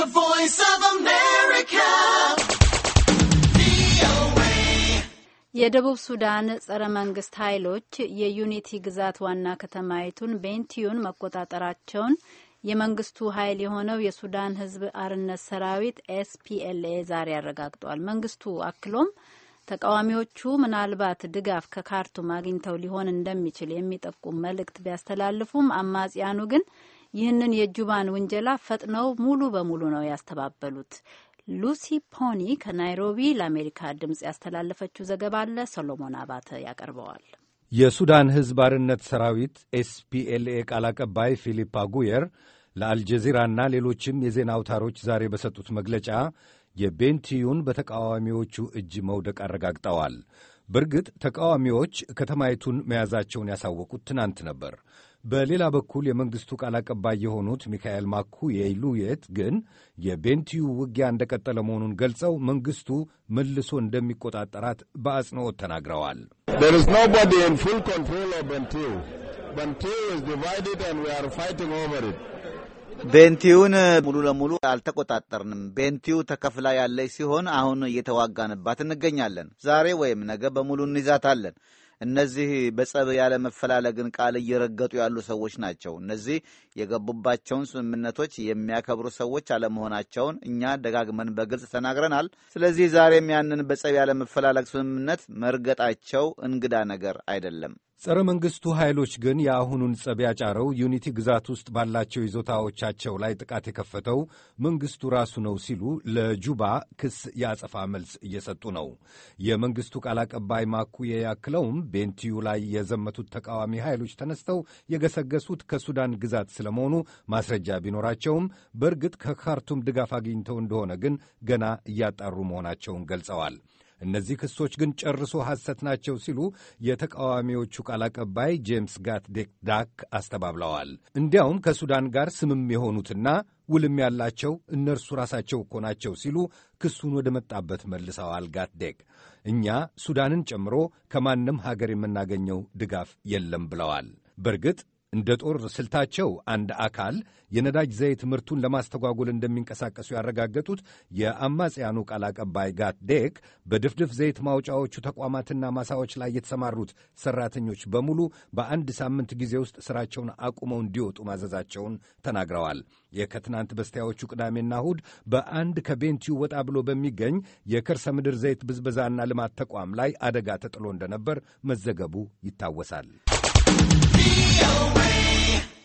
The Voice of America. የደቡብ ሱዳን ጸረ መንግስት ኃይሎች የዩኒቲ ግዛት ዋና ከተማይቱን ቤንቲዩን መቆጣጠራቸውን የመንግስቱ ኃይል የሆነው የሱዳን ህዝብ አርነት ሰራዊት ኤስፒኤልኤ ዛሬ አረጋግጧል። መንግስቱ አክሎም ተቃዋሚዎቹ ምናልባት ድጋፍ ከካርቱም አግኝተው ሊሆን እንደሚችል የሚጠቁም መልእክት ቢያስተላልፉም አማጽያኑ ግን ይህንን የጁባን ውንጀላ ፈጥነው ሙሉ በሙሉ ነው ያስተባበሉት። ሉሲ ፖኒ ከናይሮቢ ለአሜሪካ ድምፅ ያስተላለፈችው ዘገባ አለ። ሰሎሞን አባተ ያቀርበዋል። የሱዳን ሕዝብ አርነት ሰራዊት ኤስፒኤልኤ ቃል አቀባይ ፊሊፕ አጉየር ለአልጀዚራና ሌሎችም የዜና አውታሮች ዛሬ በሰጡት መግለጫ የቤንቲዩን በተቃዋሚዎቹ እጅ መውደቅ አረጋግጠዋል። በእርግጥ ተቃዋሚዎች ከተማይቱን መያዛቸውን ያሳወቁት ትናንት ነበር። በሌላ በኩል የመንግሥቱ ቃል አቀባይ የሆኑት ሚካኤል ማኩ የኢሉየት ግን የቤንቲዩ ውጊያ እንደቀጠለ መሆኑን ገልጸው መንግሥቱ መልሶ እንደሚቆጣጠራት በአጽንኦት ተናግረዋል። ቤንቲዩን ሙሉ ለሙሉ አልተቆጣጠርንም። ቤንቲዩ ተከፍላ ያለች ሲሆን አሁን እየተዋጋንባት እንገኛለን። ዛሬ ወይም ነገ በሙሉ እንይዛታለን። እነዚህ በጸብ ያለ መፈላለግን ቃል እየረገጡ ያሉ ሰዎች ናቸው። እነዚህ የገቡባቸውን ስምምነቶች የሚያከብሩ ሰዎች አለመሆናቸውን እኛ ደጋግመን በግልጽ ተናግረናል። ስለዚህ ዛሬም ያንን በጸብ ያለ መፈላለግ ስምምነት መርገጣቸው እንግዳ ነገር አይደለም። ጸረ መንግሥቱ ኃይሎች ግን የአሁኑን ጸብ ያጫረው ዩኒቲ ግዛት ውስጥ ባላቸው ይዞታዎቻቸው ላይ ጥቃት የከፈተው መንግሥቱ ራሱ ነው ሲሉ ለጁባ ክስ የአጸፋ መልስ እየሰጡ ነው። የመንግሥቱ ቃል አቀባይ ማኩየ ያክለውም ቤንቲዩ ላይ የዘመቱት ተቃዋሚ ኃይሎች ተነስተው የገሰገሱት ከሱዳን ግዛት ስለመሆኑ ማስረጃ ቢኖራቸውም በእርግጥ ከካርቱም ድጋፍ አግኝተው እንደሆነ ግን ገና እያጣሩ መሆናቸውን ገልጸዋል። እነዚህ ክሶች ግን ጨርሶ ሐሰት ናቸው ሲሉ የተቃዋሚዎቹ ቃል አቀባይ ጄምስ ጋትዴክ ዳክ አስተባብለዋል። እንዲያውም ከሱዳን ጋር ስምም የሆኑትና ውልም ያላቸው እነርሱ ራሳቸው እኮ ናቸው ሲሉ ክሱን ወደ መጣበት መልሰዋል። ጋትዴክ እኛ ሱዳንን ጨምሮ ከማንም ሀገር የምናገኘው ድጋፍ የለም ብለዋል። በእርግጥ እንደ ጦር ስልታቸው አንድ አካል የነዳጅ ዘይት ምርቱን ለማስተጓጎል እንደሚንቀሳቀሱ ያረጋገጡት የአማጽያኑ ቃል አቀባይ ጋት ዴክ በድፍድፍ ዘይት ማውጫዎቹ ተቋማትና ማሳዎች ላይ የተሰማሩት ሰራተኞች በሙሉ በአንድ ሳምንት ጊዜ ውስጥ ስራቸውን አቁመው እንዲወጡ ማዘዛቸውን ተናግረዋል። የከትናንት በስቲያዎቹ ቅዳሜና እሁድ በአንድ ከቤንቲው ወጣ ብሎ በሚገኝ የከርሰ ምድር ዘይት ብዝበዛና ልማት ተቋም ላይ አደጋ ተጥሎ እንደነበር መዘገቡ ይታወሳል። Be away.